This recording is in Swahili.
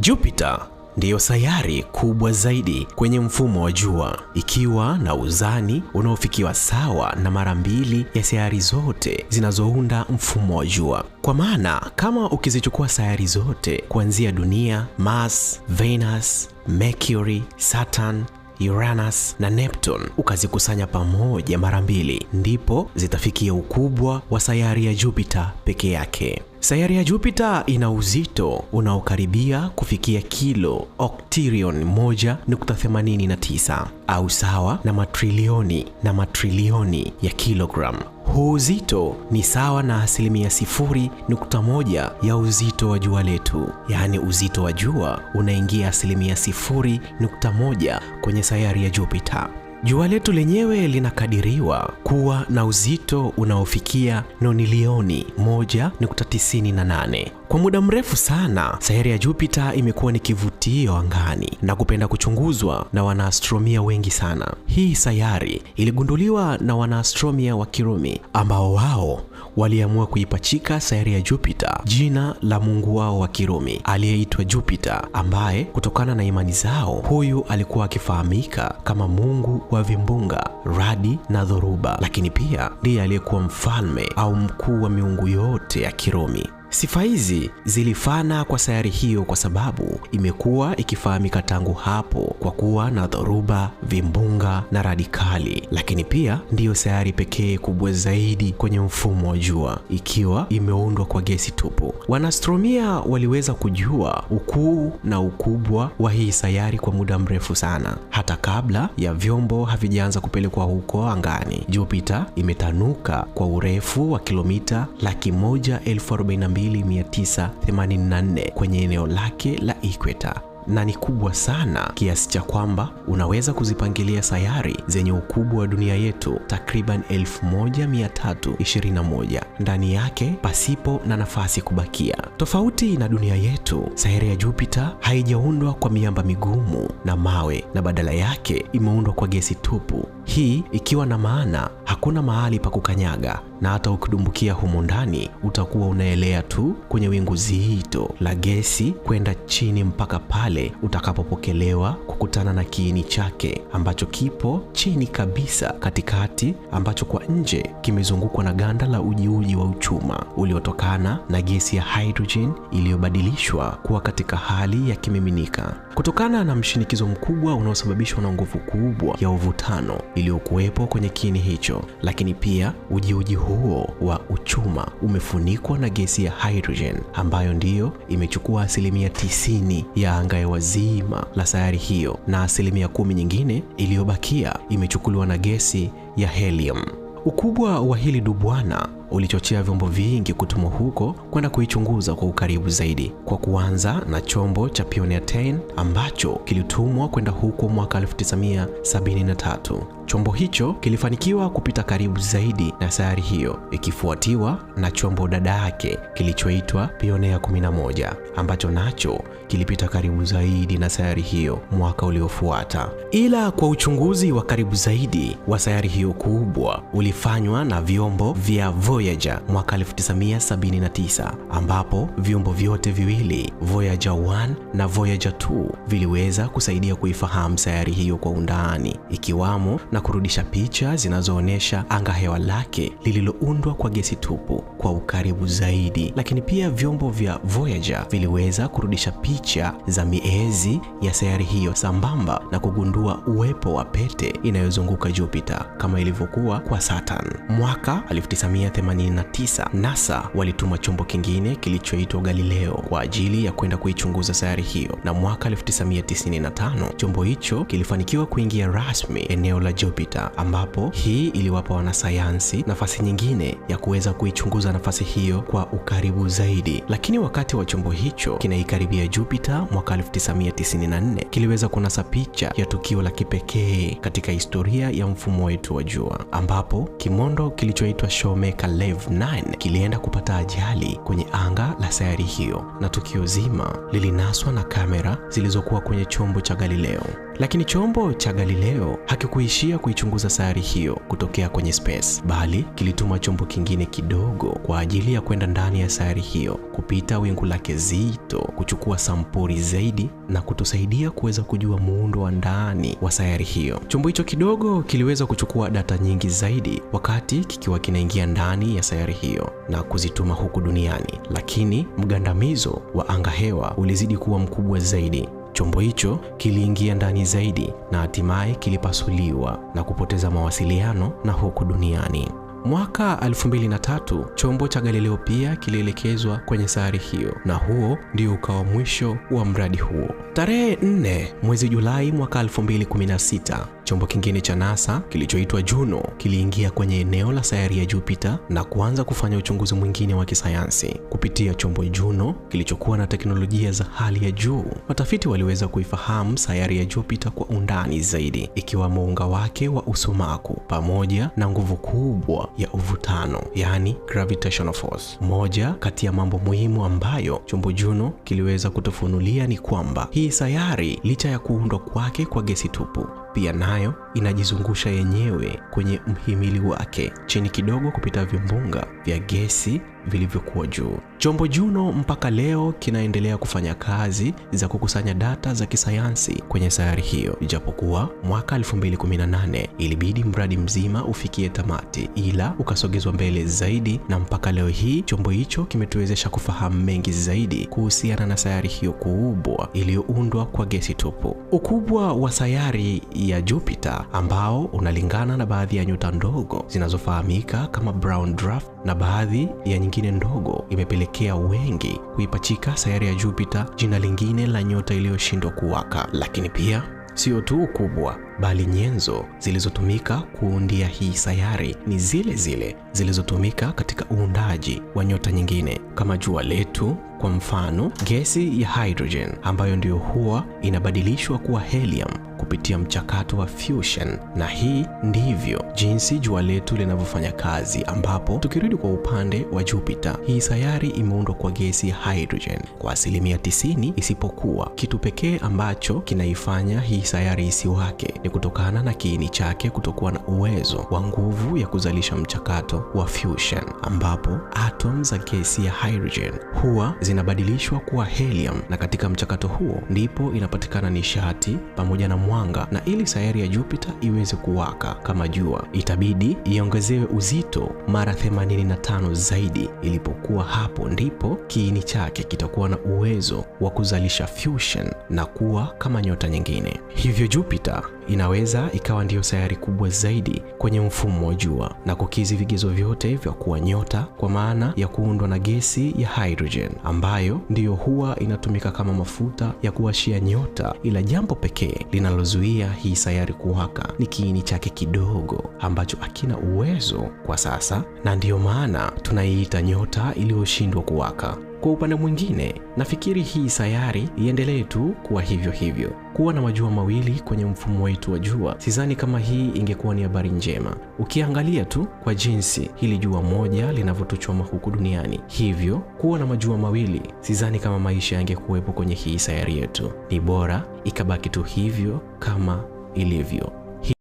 Jupiter ndiyo sayari kubwa zaidi kwenye mfumo wa jua ikiwa na uzani unaofikiwa sawa na mara mbili ya sayari zote zinazounda mfumo wa jua. Kwa maana kama ukizichukua sayari zote kuanzia dunia, Mars, Venus, Mercury, Saturn, Uranus na Neptune ukazikusanya pamoja mara mbili, ndipo zitafikia ukubwa wa sayari ya Jupiter peke yake. Sayari ya Jupiter ina uzito unaokaribia kufikia kilo octillion 1.89 au sawa na matrilioni na matrilioni ya kilogramu. Huu uzito ni sawa na asilimia sifuri nukta moja ya uzito wa jua letu, yaani uzito wa jua unaingia asilimia sifuri nukta moja kwenye sayari ya Jupita. Jua letu lenyewe linakadiriwa kuwa na uzito unaofikia nonilioni 1.98. Kwa muda mrefu sana, sayari ya Jupita imekuwa ni kivutio angani na kupenda kuchunguzwa na wanaastromia wengi sana. Hii sayari iligunduliwa na wanaastromia wa Kirumi ambao wao waliamua kuipachika sayari ya Jupiter jina la mungu wao wa Kirumi aliyeitwa Jupiter, ambaye kutokana na imani zao huyu alikuwa akifahamika kama mungu wa vimbunga, radi na dhoruba, lakini pia ndiye aliyekuwa mfalme au mkuu wa miungu yote ya Kirumi. Sifa hizi zilifana kwa sayari hiyo kwa sababu imekuwa ikifahamika tangu hapo kwa kuwa na dhoruba, vimbunga na radikali, lakini pia ndiyo sayari pekee kubwa zaidi kwenye mfumo wa jua ikiwa imeundwa kwa gesi tupu. Wanastromia waliweza kujua ukuu na ukubwa wa hii sayari kwa muda mrefu sana, hata kabla ya vyombo havijaanza kupelekwa huko angani. Jupiter imetanuka kwa urefu wa kilomita laki moja elfu arobaini 2984 kwenye eneo lake la ikweta na ni kubwa sana kiasi cha kwamba unaweza kuzipangilia sayari zenye ukubwa wa dunia yetu takriban 1321 ndani yake pasipo na nafasi kubakia. Tofauti na dunia yetu, sayari ya Jupiter haijaundwa kwa miamba migumu na mawe, na badala yake imeundwa kwa gesi tupu, hii ikiwa na maana hakuna mahali pa kukanyaga, na hata ukidumbukia humo ndani utakuwa unaelea tu kwenye wingu zito la gesi kwenda chini mpaka pale utakapopokelewa kukutana na kiini chake ambacho kipo chini kabisa katikati, ambacho kwa nje kimezungukwa na ganda la ujiuji wa uchuma uliotokana na gesi ya hydrogen iliyobadilishwa kuwa katika hali ya kimiminika kutokana na mshinikizo mkubwa unaosababishwa na nguvu kubwa ya uvutano iliyokuwepo kwenye kiini hicho hilo. Lakini pia ujiuji huo wa uchuma umefunikwa na gesi ya hydrogen ambayo ndiyo imechukua asilimia tisini ya ya wazima la sayari hiyo, na asilimia kumi nyingine iliyobakia imechukuliwa na gesi ya helium. Ukubwa wa hili dubwana ulichochea vyombo vingi kutumwa huko kwenda kuichunguza kwa ukaribu zaidi, kwa kuanza na chombo cha Pioneer 10 ambacho kilitumwa kwenda huko mwaka 1973. Chombo hicho kilifanikiwa kupita karibu zaidi na sayari hiyo, ikifuatiwa na chombo dada yake kilichoitwa Pioneer 11 ambacho nacho kilipita karibu zaidi na sayari hiyo mwaka uliofuata. Ila kwa uchunguzi wa karibu zaidi wa sayari hiyo kubwa ulifanywa na vyombo vya Voyager mwaka 1979 ambapo vyombo vyote viwili Voyager 1 na Voyager 2 viliweza kusaidia kuifahamu sayari hiyo kwa undani ikiwamo na kurudisha picha zinazoonyesha anga hewa lake lililoundwa kwa gesi tupu kwa ukaribu zaidi. Lakini pia vyombo vya Voyager viliweza kurudisha picha za miezi ya sayari hiyo sambamba na kugundua uwepo wa pete inayozunguka Jupiter kama ilivyokuwa kwa Saturn. Mwaka 1989 NASA walituma chombo kingine kilichoitwa Galileo kwa ajili ya kwenda kuichunguza sayari hiyo, na mwaka 1995 chombo hicho kilifanikiwa kuingia rasmi eneo la uliopita, ambapo hii iliwapa wanasayansi nafasi nyingine ya kuweza kuichunguza nafasi hiyo kwa ukaribu zaidi. Lakini wakati wa chombo hicho kinaikaribia Jupiter mwaka 1994 kiliweza kunasa picha ya tukio la kipekee katika historia ya mfumo wetu wa jua, ambapo kimondo kilichoitwa Shoemaker Lev 9 kilienda kupata ajali kwenye anga la sayari hiyo, na tukio zima lilinaswa na kamera zilizokuwa kwenye chombo cha Galileo. Lakini chombo cha Galileo hakikuishia kuichunguza sayari hiyo kutokea kwenye space, bali kilituma chombo kingine kidogo kwa ajili ya kwenda ndani ya sayari hiyo, kupita wingu lake zito, kuchukua sampuli zaidi na kutusaidia kuweza kujua muundo wa ndani wa sayari hiyo. Chombo hicho kidogo kiliweza kuchukua data nyingi zaidi wakati kikiwa kinaingia ndani ya sayari hiyo na kuzituma huku duniani, lakini mgandamizo wa anga hewa ulizidi kuwa mkubwa zaidi Chombo hicho kiliingia ndani zaidi na hatimaye kilipasuliwa na kupoteza mawasiliano na huku duniani. Mwaka 2003 chombo cha Galileo pia kilielekezwa kwenye sayari hiyo na huo ndio ukawa mwisho wa mradi huo. Tarehe 4 mwezi Julai mwaka 2016 Chombo kingine cha NASA kilichoitwa Juno kiliingia kwenye eneo la sayari ya Jupiter na kuanza kufanya uchunguzi mwingine wa kisayansi. Kupitia chombo Juno kilichokuwa na teknolojia za hali ya juu, watafiti waliweza kuifahamu sayari ya Jupiter kwa undani zaidi, ikiwa muunga wake wa usumaku pamoja na nguvu kubwa ya uvutano, yani gravitational force. Moja kati ya mambo muhimu ambayo chombo Juno kiliweza kutufunulia ni kwamba hii sayari, licha ya kuundwa kwake kwa gesi tupu pia nayo inajizungusha yenyewe kwenye mhimili wake chini kidogo kupita vimbunga vya gesi vilivyokuwa juu. Chombo Juno mpaka leo kinaendelea kufanya kazi za kukusanya data za kisayansi kwenye sayari hiyo, ijapokuwa mwaka 2018 ilibidi mradi mzima ufikie tamati, ila ukasogezwa mbele zaidi, na mpaka leo hii chombo hicho kimetuwezesha kufahamu mengi zaidi kuhusiana na sayari hiyo kubwa iliyoundwa kwa gesi tupu. Ukubwa wa sayari ya Jupiter ambao unalingana na baadhi ya nyota ndogo zinazofahamika kama brown dwarf na baadhi ya nyingine ndogo, imepelekea wengi kuipachika sayari ya Jupiter jina lingine la nyota iliyoshindwa kuwaka. Lakini pia sio tu ukubwa bali nyenzo zilizotumika kuundia hii sayari ni zile zile zilizotumika katika uundaji wa nyota nyingine kama jua letu. Kwa mfano, gesi ya hydrogen ambayo ndiyo huwa inabadilishwa kuwa helium kupitia mchakato wa fusion, na hii ndivyo jinsi jua letu linavyofanya kazi, ambapo tukirudi kwa upande wa Jupiter, hii sayari imeundwa kwa gesi ya hydrogen kwa asilimia 90, isipokuwa kitu pekee ambacho kinaifanya hii sayari isiwake ni kutokana na kiini chake kutokuwa na uwezo wa nguvu ya kuzalisha mchakato wa fusion, ambapo atom za gesi ya hydrogen huwa zinabadilishwa kuwa helium, na katika mchakato huo ndipo inapatikana nishati pamoja na mwanga, na ili sayari ya Jupiter iweze kuwaka kama jua, itabidi iongezewe uzito mara 85 zaidi. Ilipokuwa hapo ndipo kiini chake kitakuwa na uwezo wa kuzalisha fusion na kuwa kama nyota nyingine. Hivyo Jupiter inaweza ikawa ndiyo sayari kubwa zaidi kwenye mfumo wa jua na kukizi vigezo vyote vya kuwa nyota, kwa maana ya kuundwa na gesi ya hydrogen ambayo ndiyo huwa inatumika kama mafuta ya kuwashia nyota, ila jambo pekee linalozuia hii sayari kuwaka ni kiini chake kidogo ambacho hakina uwezo kwa sasa, na ndiyo maana tunaiita nyota iliyoshindwa kuwaka. Kwa upande mwingine, nafikiri hii sayari iendelee tu kuwa hivyo hivyo, kuwa na majua mawili kwenye mfumo wetu wa jua. Sidhani kama hii ingekuwa ni habari njema, ukiangalia tu kwa jinsi hili jua moja linavyotuchoma huku duniani. Hivyo kuwa na majua mawili, sidhani kama maisha yangekuwepo kwenye hii sayari yetu. Ni bora ikabaki tu hivyo kama ilivyo.